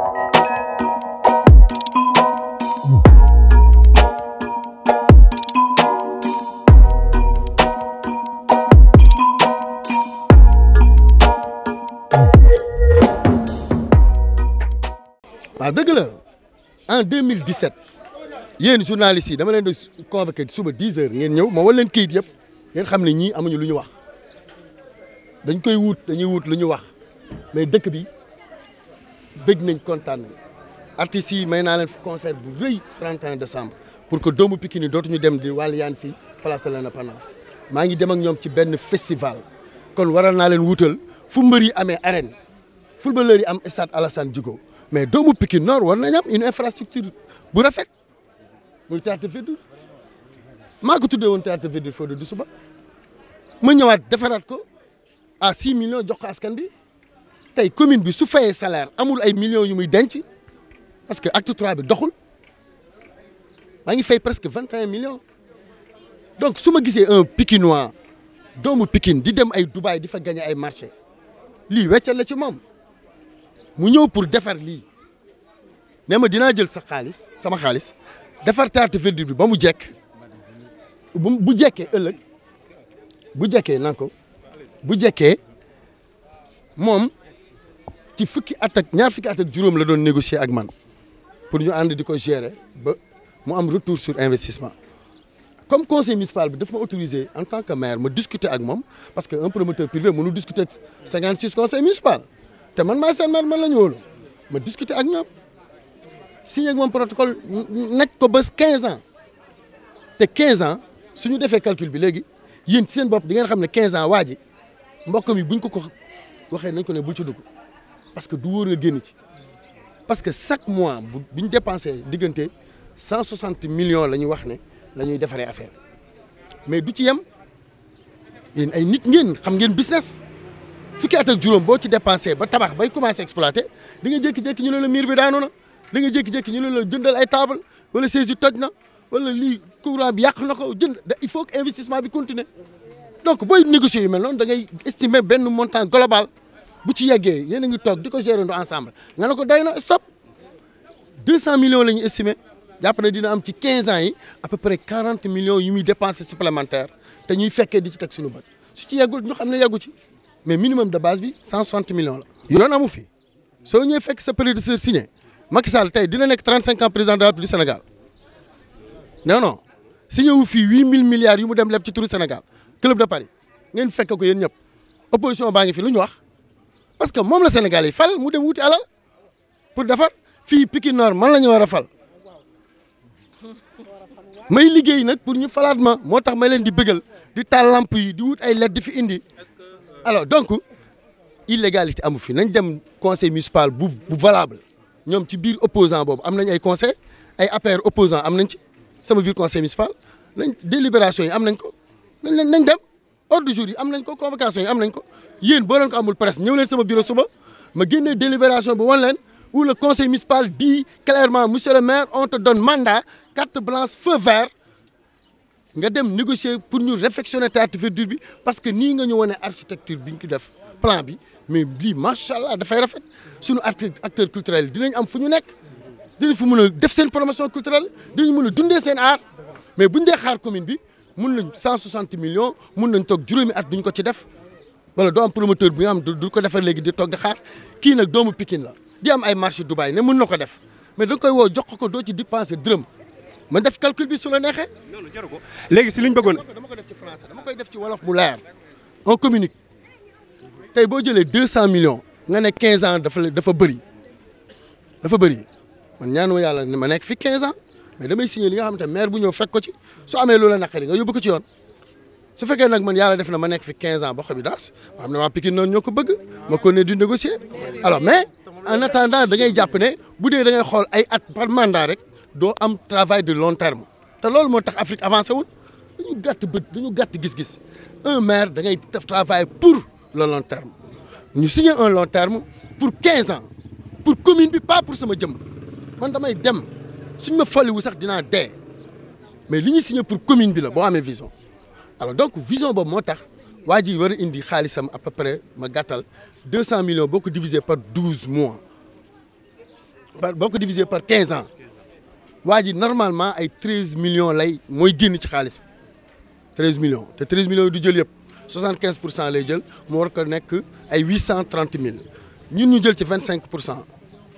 waaw dëgg la en 2017 yéen journalistes yi dama leen di convoqué suba 10 heures ngeen ñëw ma wal leen kayit yëpp xam ne ñii amuñu lu ñu wax dañ koy wut dañuy wut lu ñu wax mais dëkk bi. bëgg nañ kontaan nañ may naa leen fu concert bu rëy 31 décembre pour que doomu Pikine dootuñu dem di wàll yaan si place de l'Indépendance maa ngi dem ak ñoom ci benn festival kon waral naa leen wutal fu mbër yi amee arène footballeur yi am stade Alassane Djigo mais doomu Pikine Nord war nañ am une infrastructure bu rafet muy théâtre Verdure maa ko tuddee woon théâtre Verdure Fodé Doussouba ma ñëwaat defaraat ko à 6 million jox ko askan bi tey commune bi su fayee salaire amul ay millions yu muy denc parce que acte trois bi doxul maa ngi fay presque vingt et un donc su ma gisee un Pikinois doomu Pikine di dem ay Dubaï di fa gagné ay marché lii weccal la ci moom mu ñëw pour defar lii nee ma dinaa jël sa xaalis sama xaalis defar taatu verdure bi ba mu jekk bu bu jekkee ëllëg bu jekkee na ko bu jekkee moom. ci fukki at ak ñaar fukki at juróom la doon négocier ak man pour ñu ànd di ko gérer ba mu am retour sur investissement comme conseil municipal bi daf ma autorisé en tant que maire ma discuter ak moom parce que un promoteur privé mënu discuter ak 56 conseil municipal te man maa seen maire man la ñu wóolu ma discuter ak ñoom signé ak moom protocole na ko ba quinze ans te 15 ans su ñu defee calcul bi léegi yéen ci seen bopp di ngeen xam ne 15 ans waa ji mbokk mi buñ ko ko waxee nañ ko ne bul ci dugg. parce que du wóor nga ci parce que chaque mois bu bu ñu dépensé diggante cent soixante millions la ñuy wax ne la ñuy defaree affaire mais du ci yem yéen ay nit ngeen xam ngeen business fukki at ak juróom boo ci dépensé ba tabax bay commencé exploité di nga jékki-jékki ñu ne la miir bi daanu na di nga jékki ñu ne la jëndal ay table wala toj na wala lii courant bi yàq na ko jënd il faut que investissement bi continuer donc booy négocier yu mel noonu da ngay estimer benn montant global. bu ci yeggee yéen a ngi toog di ko gérer ndu ensemble nga ne ko day na stop 200 millions la ñu estimé jàpp ne dina am ci 15 ans yi à peu près 40 millions yu muy dépensé supplémentaire te ñuy fekkee di ci teg suñu bët su ci yeggul ñu xam ne yeggu ci mais minimum de base bi 160 millions la. yoon amu fi soo ñëwee fekk sa prédécesseur signé Macky Sall dina nekk 35 ans président de la République du Sénégal non non signé wu fii mille milliards yi mu dem leb ci turu Sénégal club de Paris ngeen fekk ko yéen ñëpp opposition baa ngi fi lu ñu wax. parce que moom la Sénégal yi fal mu dem wuti alal pour defar fii Pikine Nord man la ñu war a fal may liggéey nag pour ñu falaat ma moo tax may leen di bëggal di taal lamp yi di ay LED di fi indi alors donc illégalité amu fi nañ dem conseil municipal bu bu valable ñoom ci biir opposant boobu am nañ ay conseil ay APR opposant am nañ ci sama biir conseil municipal nañ délibération yi am nañ ko nañ nañ dem. ordre du yi am nañ ko convocation yi am nañ ko yéen boo leen ko amul presse ñëw leen sama suba ma génnee délibération bi wan leen où le conseil municipal dit clairement monsieur le maire on te donne mandat carte blanche feu vert nga dem négocier pour ñu réfectionner théâtre verdure bi parce que nii nga ñu wane architecture bi ñu ko def plan bi mais lii macha allah dafay rafet suñu acteur culturel yi dinañ am fu ñu nekk dinañ fu mun def seen promotion culturelle dinañ mën a dundee seen art mais buñ dee xaar bi. mun nañ 160 millions mun nañ toog juróomi at du duñ ko ci def wala doo am promoteur bi nga am du ko defar léegi di toog di xaar kii nag doomu Pikine la di am ay marché Dubaï ne mun na ko def mais da nga koy woo jox ko doo ci dépenser dërëm man def calcul bi su la neexee. loolu jaru ko léegi si liñ bëggoon. dama ko def ci français dama koy def ci wolof mu leer on communique tey boo jëlee 200 millions nga ne 15 ans dafa dafa bëri dafa bëri man ñaanu ma yàlla ma nekk fi 15 ans. mais damay signé li nga xamante ne maire bu ñëw fekk ko ci su amee loola naqari nga yóbbu ko ci yoon su fekkee nag man yàlla def na ma nekk fi 15 ans ba xobi daas ma xam ne waa Pikine noonu ñoo ko bëgg ma ko ne di négocier alors mais en attendant da ngay jàpp ne bu dee da xool ay at par mandat rek doo am travail de long terme te loolu moo tax Afrique avance wul dañu gàtt bët dañu gàtt gis-gis un maire da ngay def travail pour le long terme ñu signé un long terme pour 15 ans pour commune bi pas pour sama jëm man damay dem. suñ ma faliwu sax dinaa dee mais li ñu signé pour commune bila la boo amee vision alors donc vision boobu moo tax waa ji war a indi xaalisam à peu près ma gàttal deux cent boo ko divisé par douze mois par boo ko divisé par quinze ans waa ji normalement ay treize millions lay mooy génn ci xaalis bi treize te treize millions yi du jël yëpp soixante quinze pour cent lay jël mu war ko nekk ay huit cent mille ñun ñu jël ci vingt cinq pour cent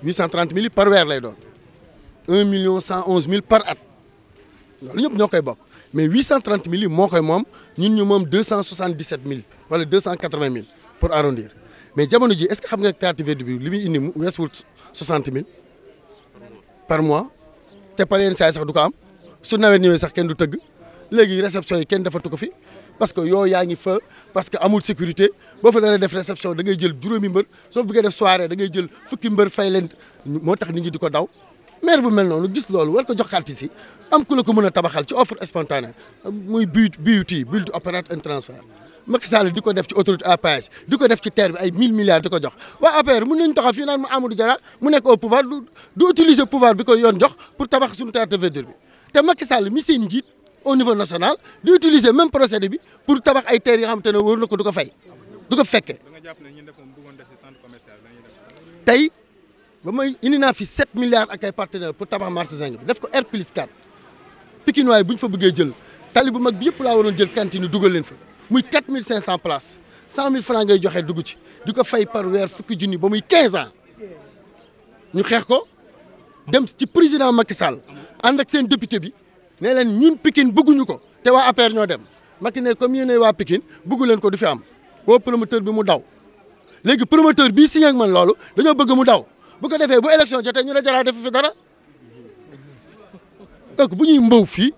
huit cent trente mille par weer lay doon. un million cent onze mille par at loolu ñëpp ñoo koy bokk mais huit cent trente moo koy moom ñun ñu moom deux cent soixante dix sept mille wala deux cent quatre vingt mille pour arrondir mais jamono ji est ce que xam nga théâtre vert bi li muy indi mu weesuwul soixante mille par mois te par yenn saa sax du ko am su nawet yooyu sax kenn du tëgg léegi reception yi kenn defatu ko fi parce que yoo yaa ngi fa parce que amul sécurité boo fa dara def réception da ngay jël juróomi mbër soo bëggee def soirée da ngay jël fukki mbër fay leen moo tax nit ñi di ko daw. maire bu mel noonu gis loolu war ko jox xaalis si am ku la ko mën a tabaxal ci offre spontanée muy BUT BUT build operate and transfer Macky Sall di ko def ci autoroute à péage di ko def ci terre bi ay mille milliards di jox waa APR mun nañu taxaw fii naan mu Amadou Diarra mu nekk au pouvoir du utiliser pouvoir bi ko yoon jox pour tabax suñu terre de verdure bi te Macky Sall mi seen au niveau national di utiliser même procédé bi pour tabax ay terres yoo te ne wóor na ko du ko fay du ko fekkee. da nga jàpp ne ñun de moom bëggoon def ci centre tey. ba may indi naa fi 7 milliards ak ay partenaires pour tabax marché zinc bi def ko R plus pikin Pikinois bu ñu fa bëggee jël tali bu mag bi yëpp laa waroon jël cantine dugal leen fa muy 4500 places mille francs ngay joxe dugg ci di ko fay par weer fukki junni ba muy 15 ans ñu xeex ko dem ci président Macky Sall ànd ak seen député bi ne leen ñun Pikine bëgguñu ko te waa APR ñoo dem Macky ne comme yéen waa pikin bëggu ko du fi am woo promoteur bi mu daw léegi promoteur bii signé ak man dañoo bëgg mu daw. bu ko defee bu élection jotee ñu ne Jaraaf def fi dara donc bu ñuy mbaw fii